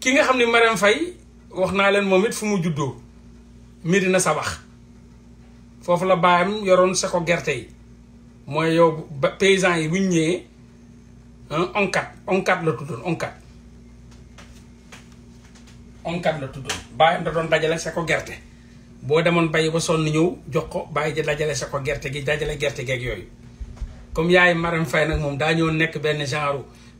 ki nga xam ne Marème fay wax naa leen moom it fu mu juddoo Médina Sabax foofu la baayam yoroon sa ko gerte yi mooy yow paysan yi bu ñu ñëwee onkat onkat la tuddoon onkat onkat la tuddoon baayam da doon dajale sa ko gerte boo demoon bay ba sonn ñëw jox ko bàyyi ji dajale sa ko gerte gi dajale gerte geeg yooyu comme yaay Marème fay nag moom daa ñëw nekk benn genre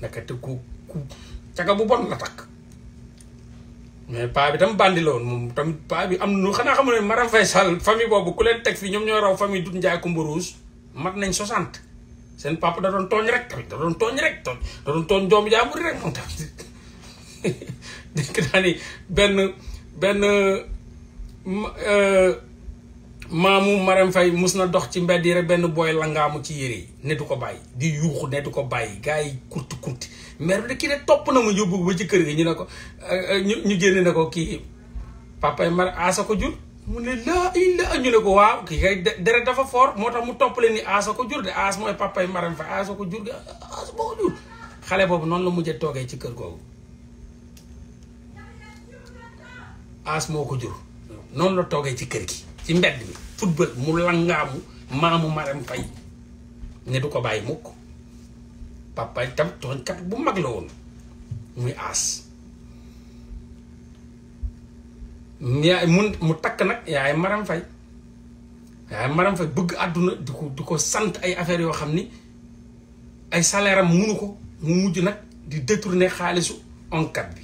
nekkate ku ku caga bu bon la takk mais paa bi tam bandi la woon moom tamit paa bi am nu xanaa xam ne Marème Faye Sall famille boobu ku leen teg fii ñoom ñoo raw famille Doudou Ndiaye Coumba Rouge mat nañ 60 seen papa da doon tooñ rek tamit da doon tooñ rek da doon doomu jaambur rek moom tamit dégg naa benn benn euh, Mamu maram fay musna dox ci re yi rek benn booy langaamu ci yere ne du ko di yuuxu ne du ko bàyyi gars kurt kurti kurti de ki ne top na mu yobbu ba ci keur gi ñu ne ko euh, ñu ñu ne ko papa mar aso ko jur mu ne la illa ñu ne ko waaw kii kay deret dafa fort moo mu top leen ni ko jur de as moy papa yi Marème aso ko jur de as bo jur xale bobu non la mujjee toge ci keur googu as moko jur non la toge ci keur gi ci mbedd mi football mu langaamu maamu Marème Faye du ko bàyyi mukk papa itam tooñkat bu mag la woon muy aas yaay mun mu takk nag yaay Marème Faye yaay Marème bëgg àdduna di ko sant ay affaires yoo xam ni ay salaire am munu ko mu mujj nag di détourner xaalisu ONCAD bi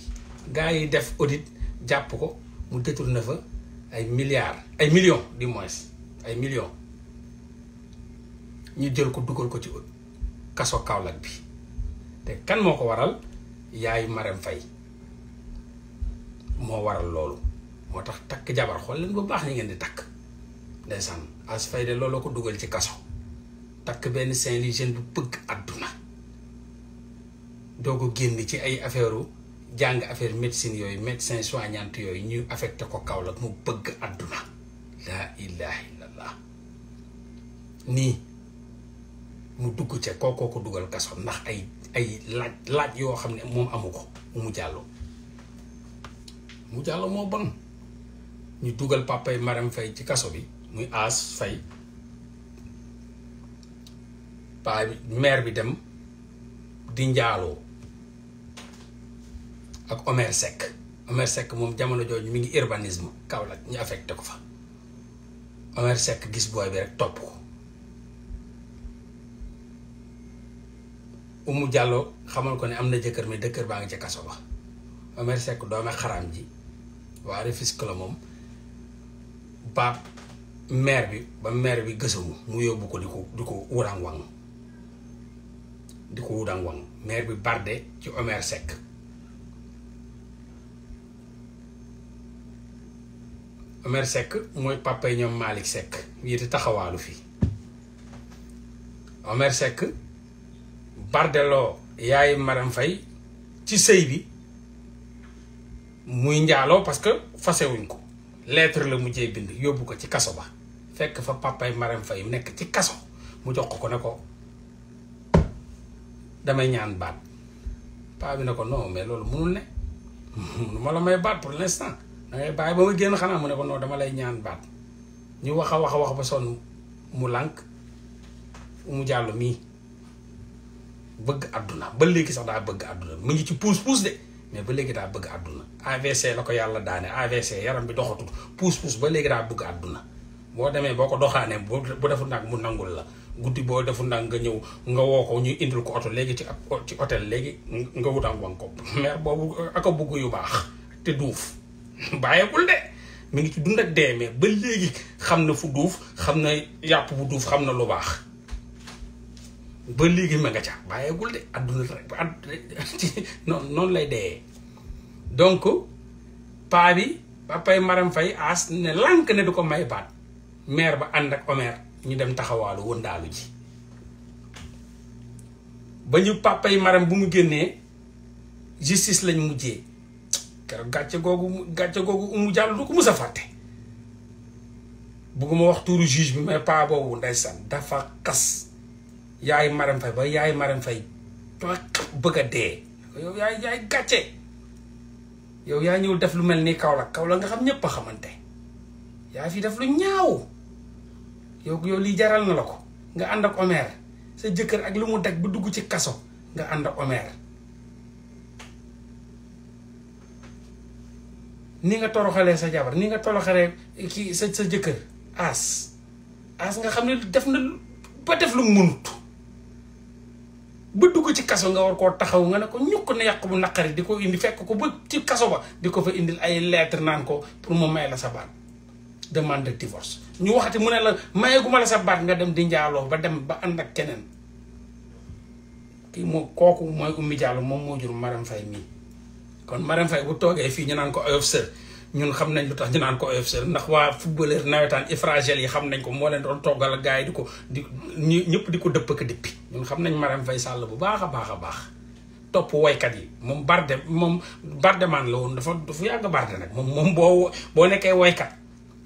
gars yi def audit jàpp ko mu détourné fa ay milliard ay million di moins ay million ñu jël ko duggal ko ci kaso kaolak bi te kan moko waral yaay marem fay mo waral lolu motax tak jabar xol leen bu baax ni ngeen di tak ndaysan as fay de lolu ko duggal ci kaso tak ben saint ligène bu bëgg aduna dogo ko ci ay affaireu jang affaire médecine yoy médecin soignante yoy ñu affecté ko kawla mu bëgg aduna la ilaha illallah Ni, mu dugg ci ko ko dugal kaso ndax ay ay laaj laaj yo xam ne moom amu ko mu jallo mu jallo mo bon ñu dugal papay maram fay ci kasso bi muy as fay pa mère bi dem di njaaloo ak Omer Seck Omer Seck moom jamono jooju mi ngi urbanisme Kaolack ñu affecté ko fa Omer Seck gis booy bi rek topp ko Umu Diallo xamal ko ne am na jëkkër mais dëkkër baa ngi ca kaso ba Omer Seck doome xaraam ji waa Rufisque la moom baab maire bi ba maire bi gësamu mu yóbbu ko di ko di ko wuraan wang di ko wuraan wang maire bi barde ci Omer Seck Omer Seck mooy papay ñoom Malick Seck yéete taxawaalu fii Omer Seck bardeloo yaay Maram Fay ci sëy bi muy njaaloo parce que fasewuñ ko lettre la mujjee bind yóbbu ko ci kaso ba fekk fa papay Maram Fay nekk ci kaso mu jox ko ne ko damay ñaan baat paa bi ne ko non mais loolu munul ne munu ma la may baat pour l'instant dangay eh, bàyyi ba ma génn xanaa mu ne ko non dama lay ñaan baat ñu wax a wax a wax ba sonn mu lànk mu jàll mii bëgg àdduna ba léegi sax daa bëgg àdduna mu ngi ci puus puus de mais ba léegi daa bëgg àdduna AVC la ko yàlla daane AVC yaram bi doxatul puus puus ba bëgg àdduna boo demee boo ko doxaanee bu deful nag mu nangul la guddi boo deful nag nga ñëw nga woo ko ñu indil ko oto léegi ci ci hôtel léegi nga wutaan wan ko mère boobu aka bëgg yu baax te duuf bàyyeekul de mi ngi ci dund ak dee mais ba léegi xam na fu duuf xam na yàpp bu duuf xam na lu baax ba léegi ma nga ca bàyyeekul de adduna rek noonu noonu lay dee donc paa bi papay maram fay aas ne lànk ne du ko may baat meer ba ànd ak omer ñu dem taxawaalu wëndaalu ji ba ñu papay maram bu mu génnee justice lañ mujjee keroog gàcce googu gàcce googu umu jàll du ko mus a fàtte bugguma wax tuuru juge bi mais paa boobu dafa yaay fay ba yaay maram fay dafa bëgg a dee ya yaay yaay gàcce yow yaa ñëw def lu mel ni kaw la kaw la nga xam ñépp a xamante yaa fi def lu ñaaw yow yow lii jaral na ko nga ànd ak Omer sa jëkkër ak lu mu daj ba dugg ci kaso nga ànd ak Omer ni nga toroxalee sa jabar ni nga toroxalee ki sa sa jëkkër as as nga xam ne def na ba def lu munut ba dugg ci kaso nga war koo taxaw nga ne ko ñukk na yàq bu naqari di ko indi fekk ko ba ci kaso ba di ko fa indil ay lettre naan ko pour mu may la sa baat demande de divorce ñu waxati mu ne la mayeguma la sa baat nga dem di njaaloo ba dem ba ànd ak keneen kii moo kooku mooy ummi jàll moom moo jur maram fay mii kon Marème Faye bu toogee fii ñu naan ko oyof sër ñun xam nañ lu tax ñu naan ko oyof sër ndax waa footballeur nawetaan Ifragel yi xam nañ ko moo leen doon toggal gars yi ko di ñëpp di ko dëpp ak dëppi ñun xam nañ Marème Faye Sall bu baax baax a baax topp woykat yi moom barde moom bardemaan la woon dafa dafa yàgg barde nag moom moom boo boo nekkee woykat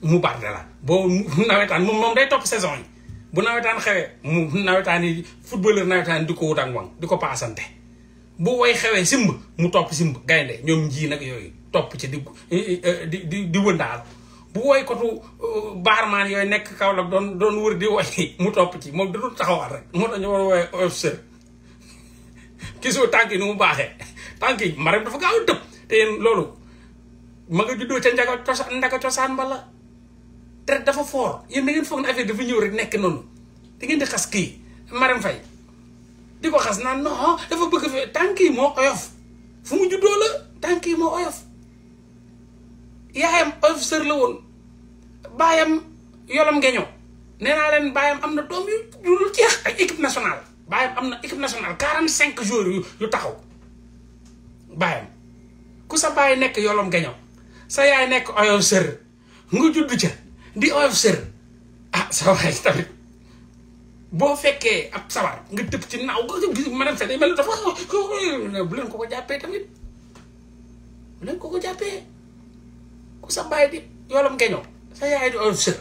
mu barde la boo nawetaan moom moom day topp saison yi bu nawetaan xewee mu nawetaan yi footballeur nawetaan di ko wut ak wang di ko paasante bu woy xewee simb mu topp simb gaynde ñoom njii nag yooyu topp ci e, di di di wëndaal bu woy kotu e, baarmaan yooyu nekk kaw la doon doon wër di woy mu topp ci moom dadul taxawaat rek moo tax ñu war a woowee mu baaxee tànk yi maram dafa gaaw a tëb te yéen loolu ma nga juddoo ca njaga cosaan ndaga bala te dafa foor yéen da foog ne affaire dafa ñëw rek nekk noonu da ngeen di xas kii maram fay di ko xas naan non dafa bëgg fi tànk yi moo oyof fu mu juddoo la tànk yi moo oyof yaayam oyof sër la woon baayam yolam ngeñoo nee naa baayam am na doom yu dul jeex ak équipe nationale baayam am na équipe nationale quarante cinq jours yu taxaw baayam ku sa baay nekk yolam ngeñoo sa yaay nekk oyof sër nga judd ca di oyof sër ah sa waay tamit boo fekkee ab sabar nga tëb ci naaw nga gis madame Faye bu leen ko ko jàppee tamit bu leen ko ko jàppee ku sa bàyyi di yoolam nga sa yaay di oyof sër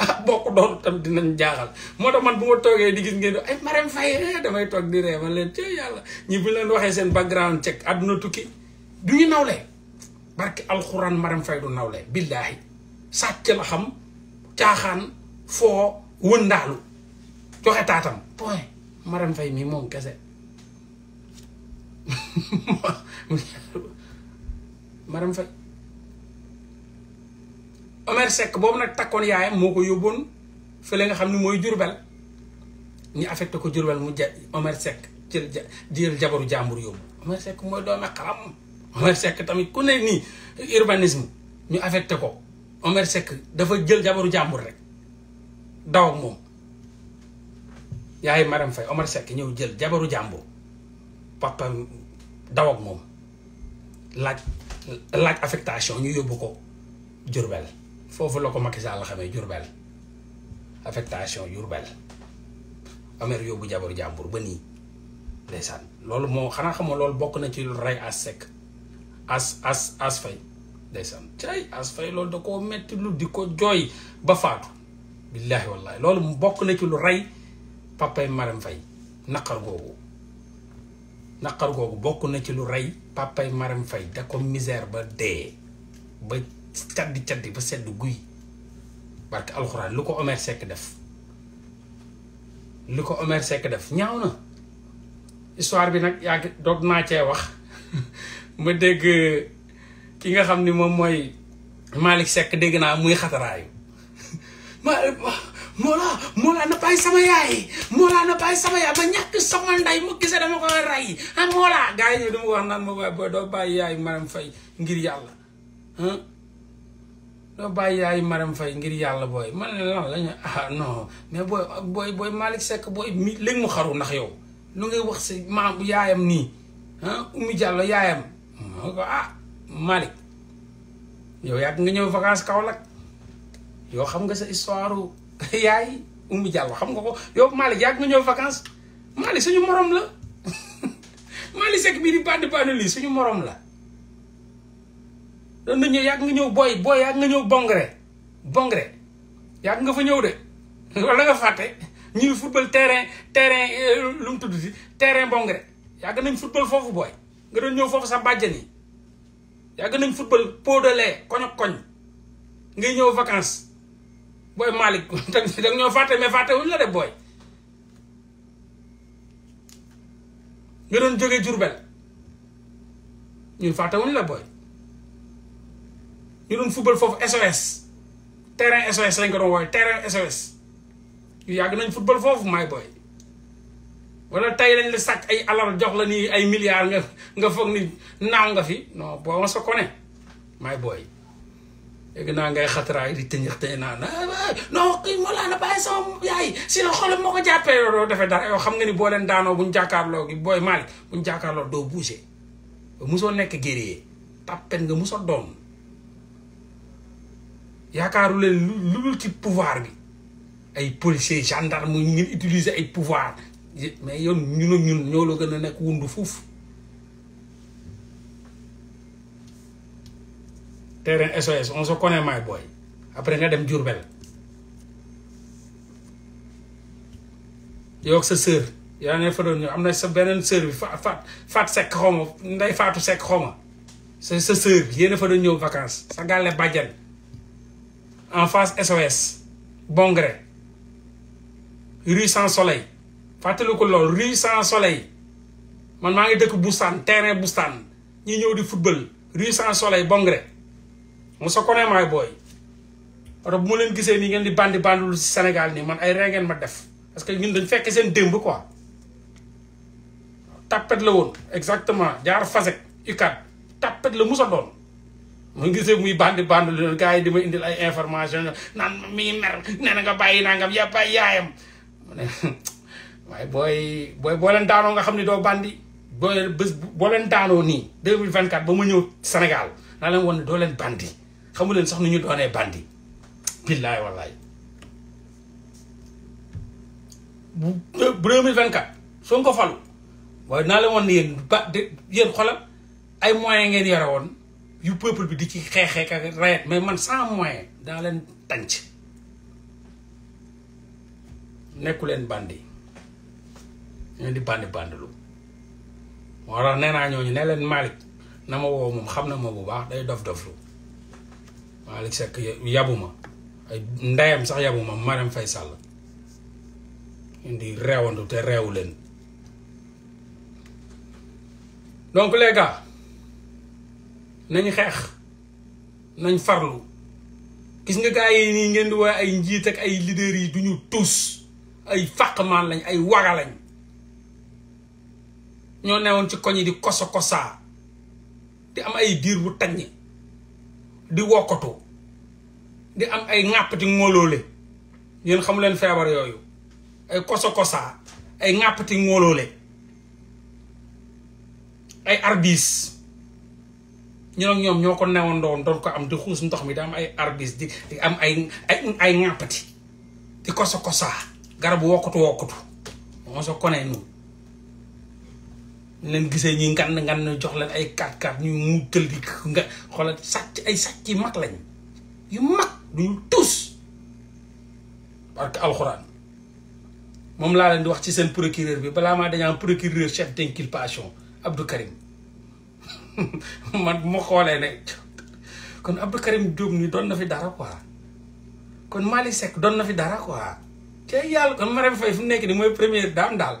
ah boo ko doon tam dinañ jaaxal moo tax man bu ma toogee di gis ngeen ay Marème Faye eh, damay toog di ree leen ci yàlla ñi bu leen waxee seen background check àdduna tukki du ñu nawle barki alxuraan Marème Faye du nawle billaahi sàcc la xam caaxaan foo wëndaalu joxe taatam point Marème Faye mii moom kese Marème Faye Omer Seck boobu nag takkoon yaayam moo ko yóbboon fële nga xam ne mooy Jurbel ni affecté ko Jurbel mu ja Omer Seck jël ja jël jabaru jàmbur yóbbu Omer Seck mooy doomi xaram Omer Seck tamit ku ne nii urbanisme ñu affecté ko Omer Seck dafa jël jabaru jàmbur rek daw ak moom yaay Marème fay Omar sek ñëw jël jabaru jambo papa daw ak mom laaj laaj affectation ñu yóbbu ko Jurbel fofu lako Macky Sall xamé Jurbel affectation Jurbel amer yóbbu jabaru jàmbur ba ni ndaysan lolu mo xana xam lool bok na ci ray as sek as as as fay ndaysan tay as fay lool da ko metti lu diko joy ba faatu billaahi wallaahi loolu bok na ci lu ray papay Marème Faye naqar googu naqar googu bokk na ci lu rey papay Marème Faye da ko misère ba dee ba caddi caddi ba sedd guy barke alxuraan lu ko Omer Seck def lu ko Omer Seck def ñaaw na histoire bi nag yaa doog naa cee wax ma dégg ki nga xam ni moom mooy Malick sekk dégg naa muy xataraayu ma mola mola na pai sama yaay mola na pai sama ba banyak sama nday mu gisé dama ko ray ha mola gaay ñu dum wax nan mo ba do bay yaay maram fay ngir yalla hmm do bay yaay maram fay ngir yalla boy man la lañu ah non mais boy boy boy malik sek boy mi leg mu xaru ndax yow lu ngay wax ci maam yaayam ni hein umi jallo yaayam ko ah malik yow yak nga ñew vacances kaolak yo xam nga sa histoire yaay Oumy Diallo xam nga ko yow Malick yàgg nga ñëw vacances Malick suñu morom la Malick Seck bii di bandi bandi lii suñu moroom la doon na ñëw yàgg nga ñëw booy booy yàgg nga ñëw bongre bongre yàgg nga fa ñëw de wala nga fàtte ñuy football terrain terrain euh, lu mu si terrain bongre yàgg nañ football foofu booy nga doon ñëw foofu sa bàjjan yi yàgg nañ football pot de lait koñ ak koñ ngay ñëw vacances booy Malick da ñoo fàtte mais fàtte wuñ la de booy nga doon jógee Jurbel ñun fàtte wuñ la booy ñu doon football foofu SOS terrain SOS lañ ko doon wooye terrain SOS yu yàgg nañ football foofu may booy wala tey lañ la sàcc ay alal jox la ni ay milliards nga foog ni naaw nga fi non boo on se connaît may léegi naa ngay xatraay di tëñëx tey naa na ah, non kii moo laa na bàyyi sama yaay si la xolam moo ko jàppee doo defee dara yow xam nga ni boo leen daanoo buñ jàkkaarloo gi booy Malick buñ jàkkaarloo doo bouger musoo nekk guerrier tàppet nga musoo doon yaakaaru leen lu lu ci pouvoir bi ay policier gendarme ngeen utiliser ay pouvoir mais yow ñun ñun ñoo la gën a nekk wundu foofu terrain SOS on se connaît my boy après nga dem Diourbel yow ak sa sœur yaa ne fa ñëw am na sa beneen sœur bi fa faat faat sekk xawma nday faatu sekk xawma sa sa sœur yéena fa ñëw vacances sa gàlle bàjjan en face SOS Bongré rue sans soleil fàttaliku lool rue sans soleil man maa ngi dëkk Boustane terrain Boustane ñi ñëw di football rue sans soleil Bongré mu sa connaît my boy rob mo len leen ni ngeen di bandi bandul ci Senegal ni man ay ree ngeen ma def parce que ñun dañ fekk seen demb quoi tapet la won exactement jaar fasek ikat tapet la musa don, mo gisee muy bandi bandul gaay di ma indil ay information nan mi ngi mer nee na nga bàyyi nangam yaa bàyyi yaayam mu boy boy bo len daano nga xamni do bandi boo bés boo leen ni 2024 ba ma ñew Senegal, na len won do len bandi xamu leen sax nu ñu doonee bandi billaay wallaay bu bu deux mille vingt quatre soo ko waaye naa leen woon ne yéen ba de yéen xoolal ay moyens ngeen yore woon yu peuple bi di ci xeexee ak rayet mais man sans moyen daa leen tanc nekku leen bandi ñeen di bandi bandilu moo tax nee naa ñooñu ne leen Malick na ma woo moom xam na ma bu baax day dof doflu malik Seck ya, yabuma ay ndayam sax yabuma Marème Faye Sall indi rewandu te reewu leen donc les gars nañ xex nañ farlu gis nga gaay ni ngeen di ay njit ak ay leader yi duñu tous ay lañ ay waga lañ ño newon ci koñi di koso kosa, di am ay diir bu tagni di wokkatu di am ay ŋàppati ngóoloole yéen xamu leen feebar yooyu ay koso-kosaa ay ŋàppati ngóoloole ay arbiis ñu nag ñoom ñoo ko newoon doon doon ko am di xuus ndox mi di am ay arbiis di di am ay ay ay ŋàppati di koso-kosaa garabu wokkatu wokkatu moo soo konee noonu len gisee ñi ngan ngan ñu jox leen ay kat kat ñu mutal di nga xolat sacc ay sacc mak lañ yu mak duñu tus barka alquran mom la leen di wax ci seen procureur bi bala ma dañaa procureur chef d'inculpation Abdou Karim man mo xolé ne kon Abdou Karim doom ni don na fi dara quoi kon Malick sek don na fi dara quoi te yalla kon Marème fay fu nekk ni moy premier dame dal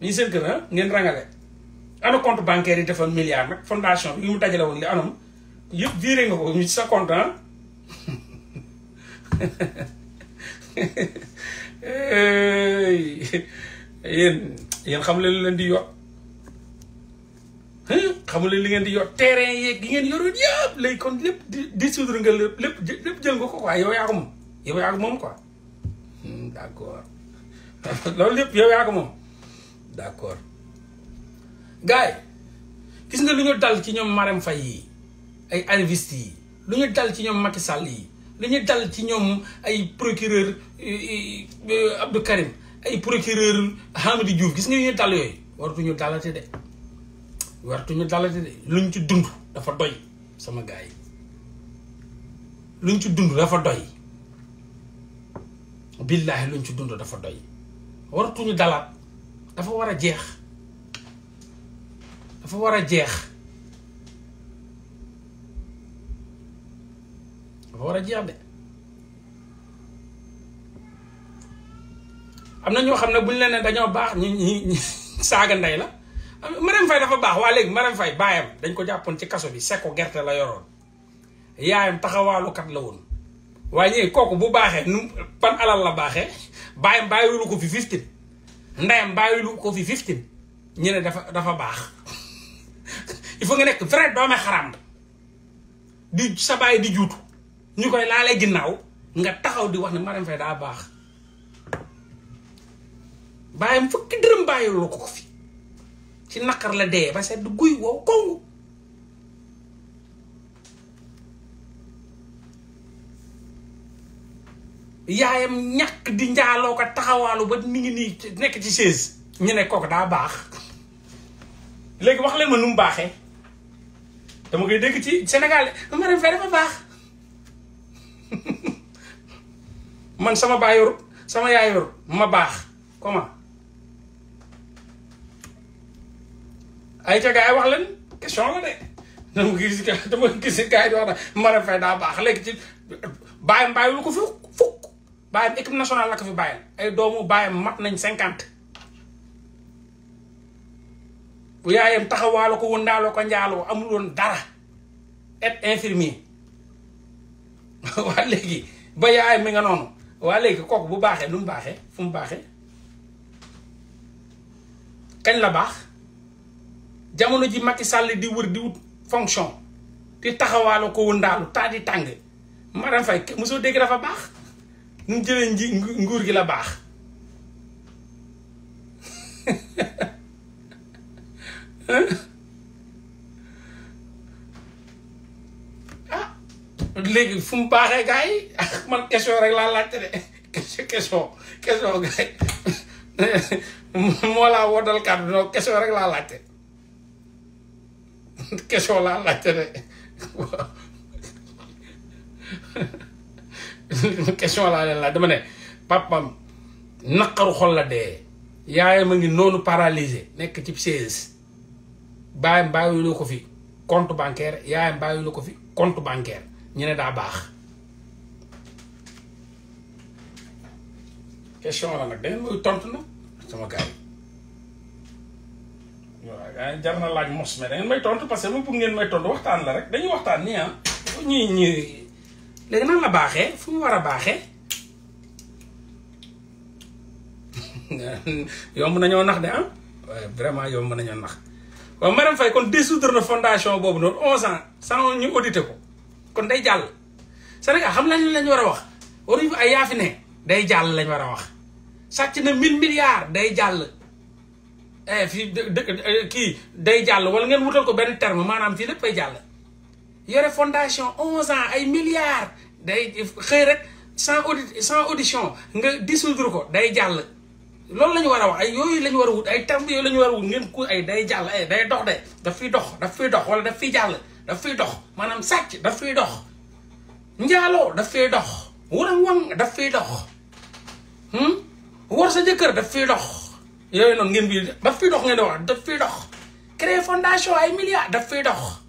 ñu seen kër ah ngeen rangale ana compte bancaire yi defoon milliard nag fondation bi li mu dajale woon li anam yëpp viré nga ko ñu ci sa compte ah. di yor leen li ngeen di yor terrain yeeg gi yëpp kon lépp di dissoudre nga lépp lépp jël nga ko quoi yow yaa ko moom yow yaa ko moom quoi hmm, d'accord loolu lépp yow yaa ko moom d'accord gars yi gis nga lu ñu dal ci ñoom Marème Faye yi ay arrivistes yi lu ñu dal ci ñoom Macky Sall yi lu ñu dal ci ñoom ay procureur euh, euh, euh, Abdou Karim ay procureur Hamidou Diouf gis nga yu ñu dal yooyu waratuñu dalati de waratuñu dalati de luñ ci dund dafa doy sama gars yi luñ ci dund dafa doy billaahi luñ ci dund dafa doy waratuñu dalaat dafa war a jeex dafa war a jeex dafa war a jeex de am na ñoo xam ne buñ leen ne dañoo baax ñu ñu saaga ndey la Marème Faye dafa baax waa léegi Marème fay baayam dañ ko jàppoon ci kaso bi sekku gerte la yoroon yaayam taxawaalukat la woon waaye ñëw kooku bu baaxee nu ban alal la baaxee baayam bàyyiwulu ko fi fiftin ndeyam bàyyilu ko fi fifteen ñu ne dafa dafa baax il faut nga nekk vrai doome xaram di sa bàyyi di juutu ñu koy laalee ginnaaw nga taxaw di wax ne Marème Faye daa baax bàyyam fukki dërëm bàyyilu ko ko fi ci naqar la dee ba du guy wow kow yaayam ñàkk di njaaloo ko taxawaalu ba mi ngi nii nekk ci chaise ñu ne kooku daa baax léegi wax leen ma nu mu baaxee dama koy dégg ci Sénégal Marième Faye dafa man sama baay sama yaay ma baax comment ay ca wax leen question la de dama gis dama daa baax léegi ci bàyyam bàyyiwul ko fukk fukk bàyyam équipe nationale la ko fi bàyyam ay doomu bàyyam mat nañ cinquante bu yaayam taxawaaloo ko wëndaaloo ko njaaloo amul woon dara et infirmier waa léegi ba yaayam mi nga noonu waa léegi kooku bu baaxee lu mu baaxee fu mu baaxee kañ la baax jamono ji Macky Sall di wër di wut fonction di taxawaaloo ko wëndaalu taa di tàng ma Marème Faye musoo dégg dafa baax nu mu jëlee nji nguur gi la baax ah léegi fu baaxee gars yi man question rek laa laajte de question question gars yi moo laa woddal kàddu non question rek laa laajte question laa laajte de question laa leen laaj dama ne papam naqaru xol la dee yaayam a ngi noonu paralysé nekk ci siège baayam bàyyiwuloo ko fi compte bancaire yaayam bàyyiwuloo ko fi compte bancaire ñu ne daa baax question la nag dangeen mooy tontu na sama gars yi waaw gars jar na laaj mos mais dangeen may tontu parce que ma bëgg ngeen may tontu waxtaan la rek dañuy waxtaan nii ah ñii ñii léegi nan la baaxee fu war a baaxee yomb nañoo nax de ah vraiment yomb nañoo nax waaw Marème Faye kon dissoudre na fondation boobu noonu onze ans sans ñu audité ko kon day jàll sa Sénégal xam lañ lañ war a wax waruñu ay yaafi ne day jàll lañ war a wax sàcc na mille milliards day jàll eh fii kii day jàll wala ngeen wutal ko benn terme maanaam fii lépp ay jàll yore fondation onze ans ay milliards day xëy rek sans audit sans audition nga dissoudre ko day jàll loolu lañu ñu war a wax ay yooyu la ñu war a wut ay termes yooyu la ñu war a wut ngeen ku ay day jàll ay day dox de daf fiy dox daf fiy dox wala daf fiy jàll daf fiy dox maanaam sàcc daf fiy dox njaaloo daf dox wurang daf fiy dox war sa jëkkër daf fiy dox yooyu noonu ngeen bi daf fiy dox ngeen di wax daf fiy dox créer fondation ay milliards daf fiy dox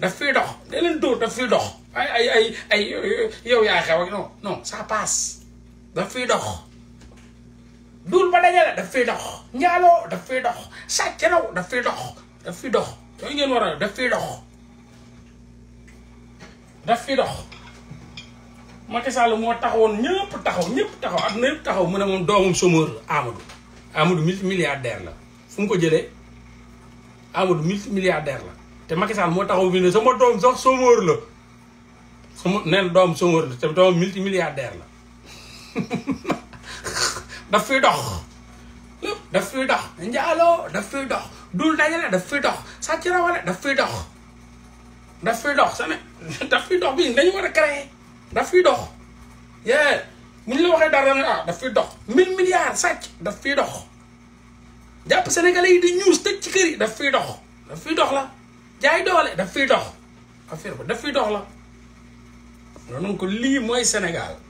daf fiy dox da leen dóor daf fiy dox ay ay ay yow yaa xew ak non non ça passe daf fiy dox duul ba dajale daf fiy dox njaaloo daf fiy dox sàccalaw daf fiy dox daf fiy dox yooyu ngeen war daf fiy dox daf fiy dox Macky Sall moo taxawoon ñëpp taxaw ñëpp taxaw àdduna yëpp taxaw mu ne moom doomam chômeur Amadou Amadou multimilliardaire la fu mu ko jëlee Amadou multimilliardaire la te Macky moo taxaw bi ne sama doom sax somóor la sama neen doom somóor la te doom multimilliardaire la daf fiy dox daf fiy dox njaaloo daf fiy dox dul dajale daf fiy dox sàcc rawale daf fiy dox daf fiy dox sa ne daf fiy bii dañu war a créer daf fiy dox yee bu ñu la waxee dara ne ah, daf fiy dox mille milliards sàcc daf fiy dox jàpp sénégalais yi di ñuus tëj ci kër yi daf fiy dox daf fiy dox la jaay doole daf fiy dox affaire ba dafay fiy dox la noonu ko lii mooy Sénégal